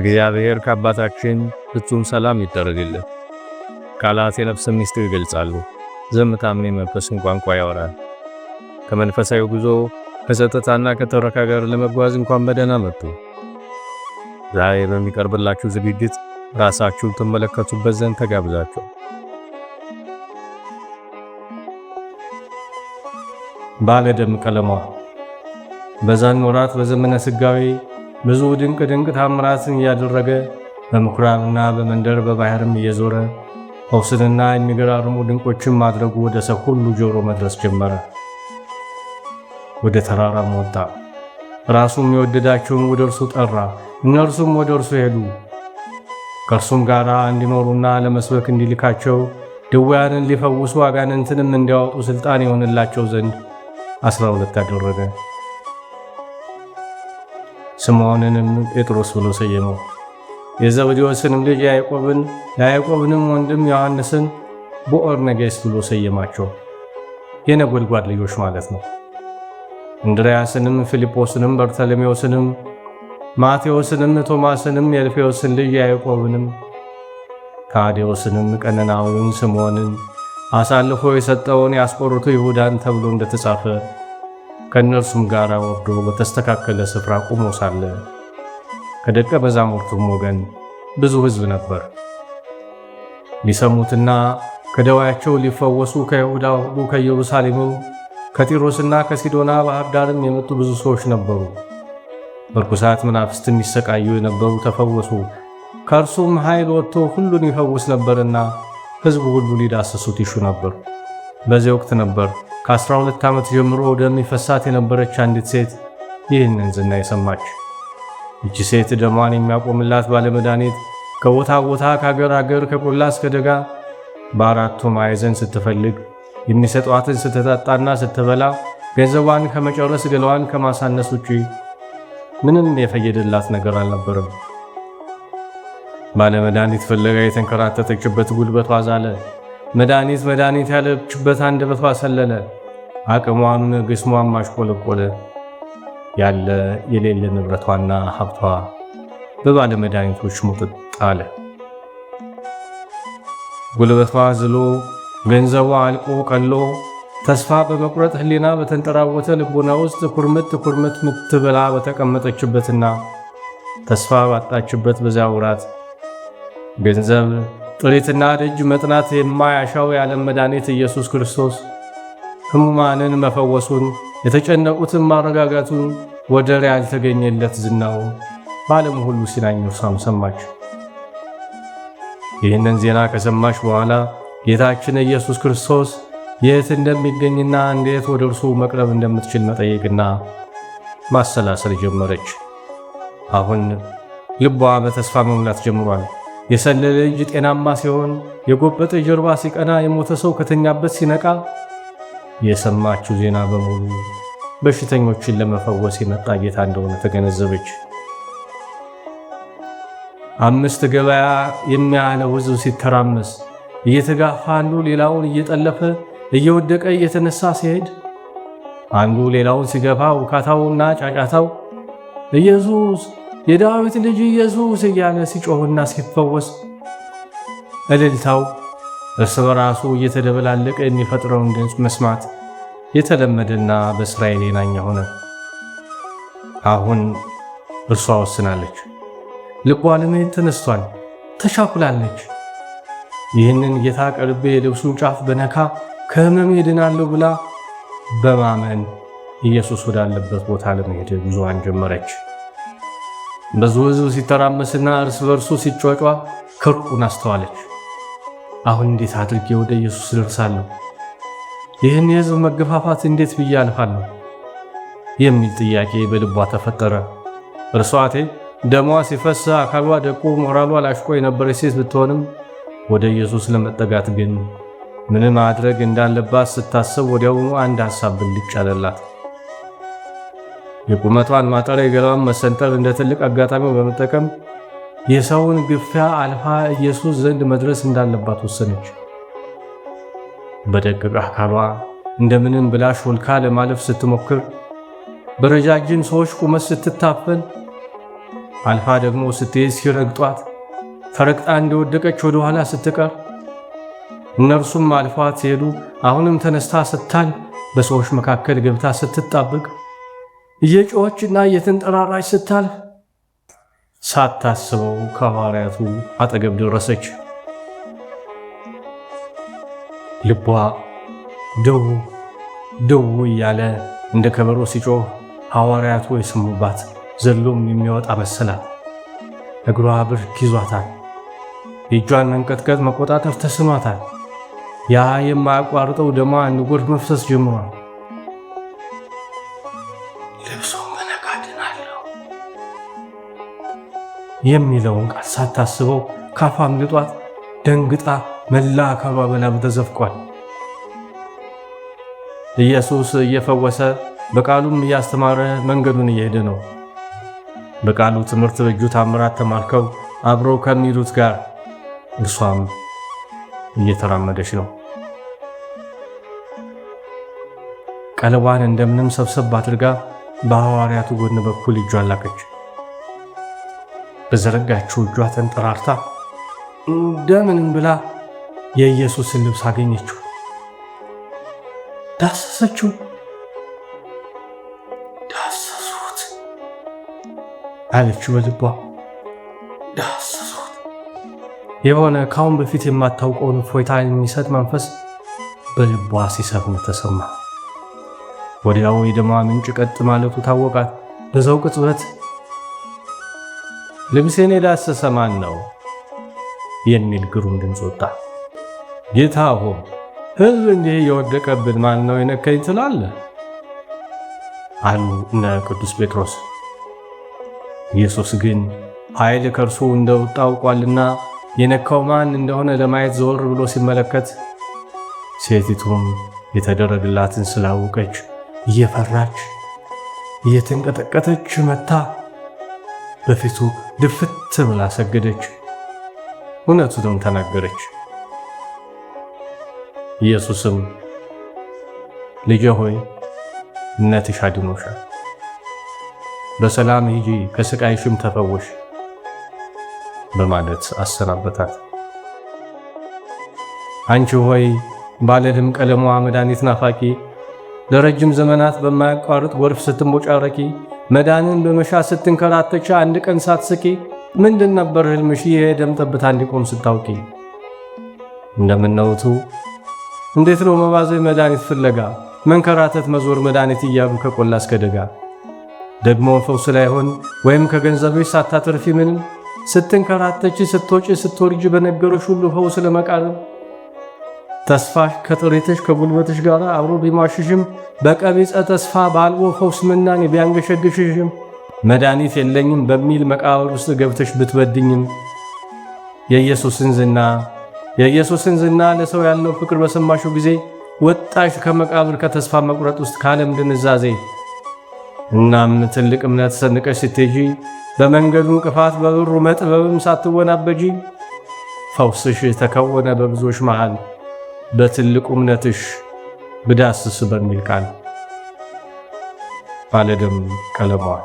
እግዚአብሔር ከአባታችን ፍጹም ሰላም ይደረግልን። ቃላት የነፍስ ምስጢር ይገልጻሉ፣ ዝምታም የመንፈስን ቋንቋ ያወራል። ከመንፈሳዊ ጉዞ ከጸጥታና ከተረካ ጋር ለመጓዝ እንኳን በደህና መጡ። ዛሬ በሚቀርብላችሁ ዝግጅት ራሳችሁን ትመለከቱበት ዘንድ ተጋብዛችሁ ባለ ደም ቀለሟ። በዛን ወራት በዘመነ ስጋዊ ብዙ ድንቅ ድንቅ ታምራትን እያደረገ በምኩራብና በመንደር በባህርም እየዞረ ፈውስንና የሚገራርሙ ድንቆችን ማድረጉ ወደ ሰው ሁሉ ጆሮ መድረስ ጀመረ። ወደ ተራራም ወጣ። ራሱም የወደዳቸውን ወደ እርሱ ጠራ፣ እነርሱም ወደ እርሱ ሄዱ። ከእርሱም ጋር እንዲኖሩና ለመስበክ እንዲልካቸው ድውያንን ሊፈውሱ አጋንንትንም እንዲያወጡ ሥልጣን ይሆንላቸው ዘንድ አስራ ሁለት አደረገ። ስምዖንንም ጴጥሮስ ብሎ ሰየመው። የዘብዴዎስንም ልጅ ያዕቆብን የያዕቆብንም ወንድም ዮሐንስን ነገስ ብሎ ሰየማቸው። የነጎድጓድ ልጆች ማለት ነው። እንድርያስንም ፊልጶስንም በርተሎሜዎስንም ማቴዎስንም ቶማስንም የልፌዎስን ልጅ ያዕቆብንም ካዴዎስንም ቀነናዊውን ስምዖንን አሳልፎ የሰጠውን ያስቆሩት ይሁዳን ተብሎ እንደተጻፈ ከእነርሱም ጋር ወርዶ በተስተካከለ ስፍራ ቆሞ ሳለ ከደቀ መዛሙርቱም ወገን ብዙ ሕዝብ ነበር። ሊሰሙትና ከደዋያቸው ሊፈወሱ ከይሁዳ ሁሉ ከኢየሩሳሌምም ከጢሮስና ከሲዶና ባሕር ዳርም የመጡ ብዙ ሰዎች ነበሩ። በርኩሳት መናፍስት የሚሰቃዩ የነበሩ ተፈወሱ። ከእርሱም ኃይል ወጥቶ ሁሉን ይፈውስ ነበርና ህዝቡ ሁሉ ሊዳሰሱት ይሹ ነበር። በዚያ ወቅት ነበር ከ12 ዓመት ጀምሮ ደም የነበረች አንዲት ሴት ይህንን ዝና የሰማች። ይቺ ሴት ደሟን የሚያቆምላት ባለመድኃኒት ከቦታ ቦታ ከአገር አገር ከቆላ እስከ ደጋ በአራቱ ማዕዘን ስትፈልግ የሚሰጧትን ስትጠጣና ስትበላ ገንዘቧን ከመጨረስ ገለዋን ከማሳነስ ውጪ ምንም የፈየደላት ነገር አልነበረም። ባለ ባለመድኃኒት ፍለጋ የተንከራተተችበት ጉልበቷ ዛለ። መድኃኒት መድኃኒት ያለችበት አንደበቷ ሰለለ። አቅሟን ግስሟን ቆለቆለ ያለ የሌለ ንብረቷና ሀብቷ በባለ መድኃኒቶች ሙጥጥ አለ። ጉልበቷ ዝሎ ገንዘቧ አልቆ ቀሎ ተስፋ በመቁረጥ ህሊና በተንጠራወተ ልቦና ውስጥ ኩርምት ኩርምት ምትበላ በተቀመጠችበትና ተስፋ ባጣችበት በዚያ ውራት ገንዘብ፣ ጥሪትና ደጅ መጥናት የማያሻው የዓለም መድኃኒት ኢየሱስ ክርስቶስ ሕሙማንን መፈወሱን የተጨነቁትን ማረጋጋቱን ወደር ያልተገኘለት ዝናው በዓለም ሁሉ ሲናኝ እርሷም ሰማች። ይህንን ዜና ከሰማች በኋላ ጌታችን ኢየሱስ ክርስቶስ የት እንደሚገኝና እንዴት ወደ እርሱ መቅረብ እንደምትችል መጠየቅና ማሰላሰል ጀመረች። አሁን ልቧ በተስፋ መሙላት ጀምሯል። የሰለለ እጅ ጤናማ ሲሆን፣ የጎበጠ ጀርባ ሲቀና፣ የሞተ ሰው ከተኛበት ሲነቃ የሰማችው ዜና በሙሉ በሽተኞችን ለመፈወስ የመጣ ጌታ እንደሆነ ተገነዘበች። አምስት ገበያ የሚያለው ሕዝብ ሲተራመስ እየተጋፋ አንዱ ሌላውን እየጠለፈ እየወደቀ እየተነሳ ሲሄድ አንዱ ሌላውን ሲገፋ ውካታውና ጫጫታው ኢየሱስ የዳዊት ልጅ ኢየሱስ እያለ ሲጮህና ሲፈወስ እልልታው እርስ በራሱ እየተደበላለቀ የሚፈጥረውን ድምፅ መስማት የተለመደና በእስራኤል የናኛ ሆነ። አሁን እርሷ ወስናለች። ልቧ ለመሄድ ተነስቷል። ተሻኩላለች። ይህንን ጌታ ቀርቤ የልብሱን ጫፍ በነካ ከህመም ሄድናለሁ ብላ በማመን ኢየሱስ ወዳለበት ቦታ ለመሄድ ጉዞዋን ጀመረች። ብዙ ሕዝብ ሲተራመስና እርስ በርሱ ሲጮጫ ክርቁን አስተዋለች። አሁን እንዴት አድርጌ ወደ ኢየሱስ ደርሳለሁ? ይህን የሕዝብ መገፋፋት እንዴት ብዬ አልፋለሁ? የሚል ጥያቄ በልቧ ተፈጠረ። እርሷቴ ደሟ ሲፈስ አካሏ ደቁ፣ ሞራሏ ላሽቆ የነበረች ሴት ብትሆንም ወደ ኢየሱስ ለመጠጋት ግን ምን ማድረግ እንዳለባት ስታስብ ወዲያውኑ አንድ ሐሳብ ብልጭ አለላት። የቁመቷን ማጠር የገላዋን መሰንጠር እንደ ትልቅ አጋጣሚ በመጠቀም የሰውን ግፊያ አልፋ ኢየሱስ ዘንድ መድረስ እንዳለባት ወሰነች። በደቀቀ አካሏ እንደምንም ብላ ሾልካ ለማለፍ ስትሞክር በረጃጅም ሰዎች ቁመት ስትታፈን አልፋ ደግሞ ስትሄድ ሲረግጧት ፈረግጣ እንደወደቀች ወደ ኋላ ስትቀር እነርሱም አልፏት ሲሄዱ አሁንም ተነስታ ስታል በሰዎች መካከል ገብታ ስትጣብቅ እየጮኸችና እየተንጠራራች ስታል ሳታስበው ከሐዋርያቱ አጠገብ ደረሰች። ልቧ ደው ደው እያለ እንደ ከበሮ ሲጮህ ሐዋርያቱ የሰሙባት ዘሎም የሚወጣ መሰላት። እግሯ ብርክ ይዟታል። የእጇን መንቀጥቀጥ መቆጣጠር ተስኗታል። ያ የማያቋርጠው ደሟ ንጎድ መፍሰስ ጀምሯል። የሚለውን ቃል ሳታስበው ካፏ አምልጧት ደንግጣ መላ አካሏ በላም ተዘፍቋል። ኢየሱስ እየፈወሰ በቃሉም እያስተማረ መንገዱን እየሄደ ነው። በቃሉ ትምህርት በእጁ ታምራት ተማርከው አብረው ከሚሉት ጋር እርሷም እየተራመደች ነው። ቀለቧን እንደምንም ሰብሰብ አድርጋ በሐዋርያቱ ጎን በኩል እጇን ላከች። በዘረጋችው እጇ ተንጠራርታ እንደምንም ብላ የኢየሱስን ልብስ አገኘችው፣ ዳሰሰችው። ዳሰሱት አለችው በልቧ። ዳሰሱት የሆነ ከአሁን በፊት የማታውቀውን እፎይታ የሚሰጥ መንፈስ በልቧ ሲሰፍን ተሰማ። ወዲያው የደሟ ምንጭ ቀጥ ማለቱ ታወቃት። በዛው ቅጽበት ልብሴን የዳሰሰ ማን ነው የሚል ግሩም ድምፅ ወጣ። ጌታ ሆይ ሕዝብ እንዲህ የወደቀብን ማን ነው የነካኝ ትላለ? አሉ እነ ቅዱስ ጴጥሮስ። ኢየሱስ ግን ኃይል ከእርሱ እንደወጣ አውቋልና የነካው ማን እንደሆነ ለማየት ዘወር ብሎ ሲመለከት ሴቲቱም የተደረግላትን ስላወቀች እየፈራች እየተንቀጠቀጠች መታ በፊቱ ድፍት ብላ ሰገደች፣ እውነቱንም ተናገረች። ኢየሱስም ልጄ ሆይ እምነትሽ አድኖሻል፣ በሰላም ሂጂ፣ ከስቃይሽም ተፈወሽ በማለት አሰናበታት። አንቺ ሆይ ባለድም ቀለሟ መድኃኒት ናፋቂ ለረጅም ዘመናት በማያቋርጥ ጎርፍ ስትንቦጫረቂ መዳንን በመሻት ስትንከራተች አንድ ቀን ሳትስቂ ምንድን ነበር ህልምሽ? ይሄ ደም ጠብታ እንዲቆም ስታውቂ። እንደምነውቱ እንዴት ነው መባዘ መድኃኒት ፍለጋ መንከራተት መዞር መድኃኒት እያሉ ከቆላ እስከ ደጋ ደግሞ ፈውስ ላይሆን ወይም ከገንዘብሽ ሳታተርፊ ምንም ስትንከራተች ስትወጪ ስትወርጅ በነገሮች ሁሉ ፈውስ ለመቃረብ ተስፋሽ ከጥሪትሽ ከጉልበትሽ ጋር አብሮ ቢሟሽሽም በቀቢፀ ተስፋ በአልቦ ፈውስ ምናኔ ቢያንገሸግሽሽም መድኃኒት የለኝም በሚል መቃብር ውስጥ ገብተሽ ብትበድኝም የኢየሱስን ዝና የኢየሱስን ዝና ለሰው ያለው ፍቅር በሰማሽው ጊዜ ወጣሽ ከመቃብር ከተስፋ መቁረጥ ውስጥ ካለም ድንዛዜ። እናም ትልቅ እምነት ሰንቀሽ ስትሄጂ በመንገዱ ቅፋት በብሩ መጥበብም ሳትወናበጂ ፈውስሽ ተከወነ በብዙዎች መሃል። በትልቁ እምነትሽ ብዳስስ በሚል ቃል ባለደም ቀለሟል